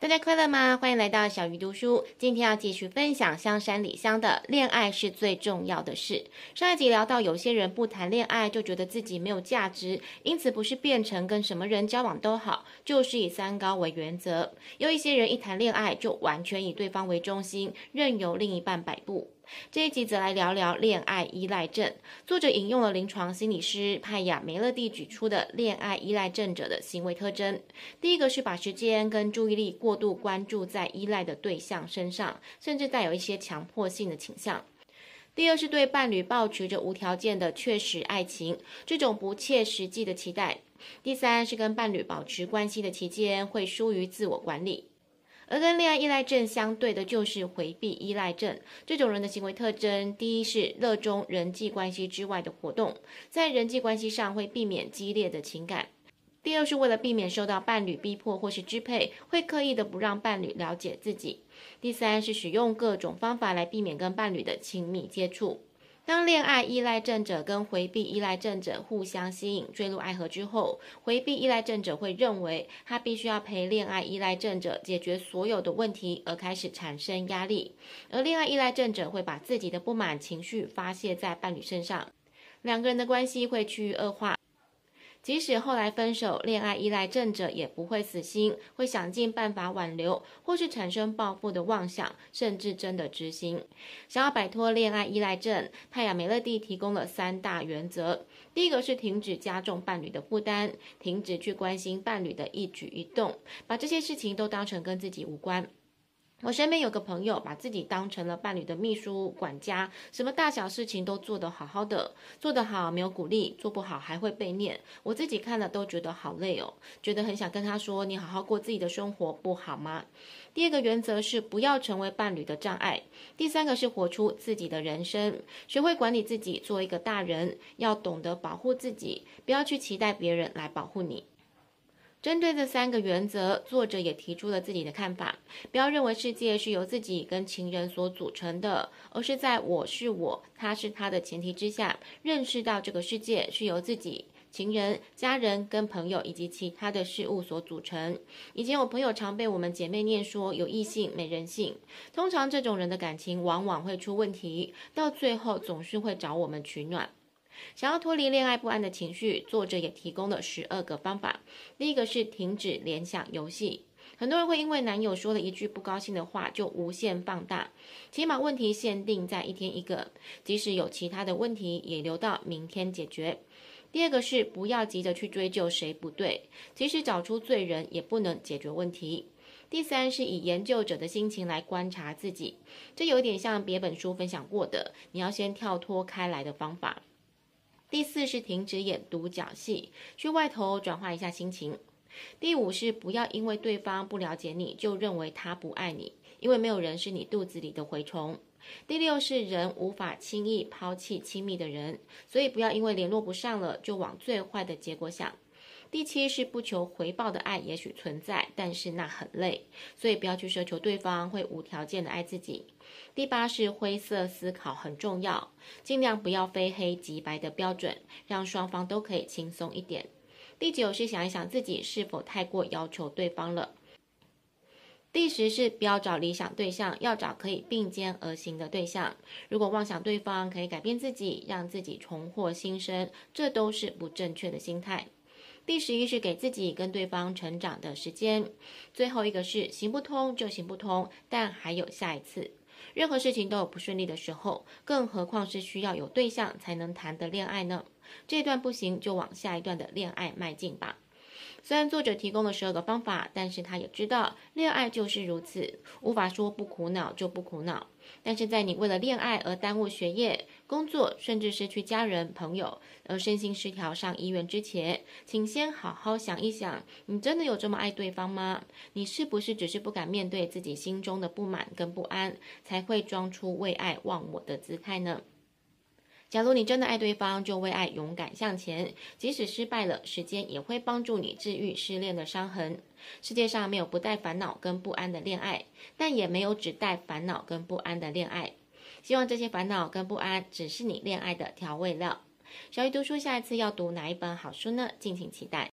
大家快樂嗎？歡迎來到小魚讀書。今天要繼續分享香山理香的《戀愛是最重要的事》。上一集聊到，有些人不談戀愛就覺得自己沒有價值，因此不是變成跟什麼人交往都好，就是以三高為原則；有一些人一談戀愛就完全以對方為中心，任由另一半擺布。這一集則來聊聊戀愛依賴症。作者引用了臨床心理師派雅梅樂地舉，舉出的戀愛依賴症者的行為特徵：第一個是把時間跟注意力過度關注在依賴的對象身上，甚至帶有一些強迫性的傾向；第二是對伴侶抱持着無條件的確實愛情，這種不切實際的期待；第三是跟伴侶保持關係的期間會疏於自我管理。而跟戀愛依賴症相對的，就是回避依賴症。這種人的行為特徵，第一是熱衷人際關係之外的活動，在人際關係上會避免激烈的情感；第二是為了避免受到伴侶逼迫或是支配，會刻意的不讓伴侶了解自己；第三是使用各種方法來避免跟伴侶的親密接觸。當戀愛依賴症者跟回避依賴症者互相吸引、墜入愛河之後，回避依賴症者會認為他必須要陪戀愛依賴症者解決所有的問題，而開始產生壓力；而戀愛依賴症者會把自己的不滿情緒發洩在伴侶身上，兩個人的關係會趨於惡化。即使後來分手，戀愛依賴症者也不會死心，會想盡辦法挽留，或是產生報復的妄想，甚至真的執行。想要擺脫戀愛依賴症，派雅梅樂地提供了三大原則：第一個是停止加重伴侶的負擔，停止去關心伴侶的一舉一動，把這些事情都當成跟自己無關。我身邊有個朋友，把自己當成了伴侶的秘書管家，什麼大小事情都做得好好的，做得好沒有鼓勵，做不好還會被念。我自己看了都覺得好累哦，覺得很想跟他說：“你好好過自己的生活，不好嗎？”第二個原則是不要成為伴侶的障礙。第三個是活出自己的人生，學會管理自己，做一個大人，要懂得保護自己，不要去期待別人來保護你。針對這三個原則，作者也提出了自己的看法。不要認為世界是由自己跟情人所組成的，而是在“我是我，他是他的”前提之下，認識到這個世界是由自己、情人、家人、跟朋友以及其他的事物所組成。以前我朋友常被我們姐妹念說有異性沒人性，通常這種人的感情往往會出問題，到最後總是會找我們取暖。想要脫離戀愛不安的情緒，作者也提供了十二個方法。第一個是停止聯想遊戲，很多人會因為男友說了一句不高興的話就無限放大，起碼問題限定在一天一個，即使有其他的問題也留到明天解決。第二個是不要急着去追究誰不對，即使找出罪人也不能解決問題。第三是以研究者的心情來觀察自己，這有點像別本書分享過的，你要先跳脫開來的方法。第四是停止演獨角戲，去外頭轉化一下心情。第五是不要因為對方不了解你，就認為他不愛你，因為沒有人是你肚子裡的蛔蟲。第六是人無法輕易拋棄親密的人，所以不要因為聯絡不上了，就往最壞的結果想。第七是不求回報的愛，也許存在，但是那很累，所以不要去奢求對方會無條件的愛自己。第八是灰色思考很重要，盡量不要非黑即白的標準，讓雙方都可以輕鬆一點。第九是想一想自己是否太過要求對方了。第十是不要找理想對象，要找可以並肩而行的對象。如果妄想對方可以改變自己，讓自己重獲新生，這都是不正確的心態。第十一是給自己跟對方成長的時間，最後一個是行不通就行不通，但還有下一次。任何事情都有不順利的時候，更何況是需要有對象才能談的戀愛呢？這段不行就往下一段的戀愛邁進吧。雖然作者提供了十二個方法，但是他也知道戀愛就是如此，無法說不苦惱就不苦惱。但是在你為了戀愛而耽誤學業。工作，甚至失去家人、朋友，而身心失調，上醫院之前，請先好好想一想，你真的有這麼愛對方嗎？你是不是只是不敢面對自己心中的不滿跟不安，才會裝出為愛忘我的姿態呢？假如你真的愛對方，就為愛勇敢向前，即使失敗了，時間也會幫助你治癒失戀的傷痕。世界上沒有不帶煩惱跟不安的戀愛，但也沒有只帶煩惱跟不安的戀愛。希望這些煩惱跟不安只是你戀愛的調味料。小魚讀書，下一次要讀哪一本好書呢？敬請期待。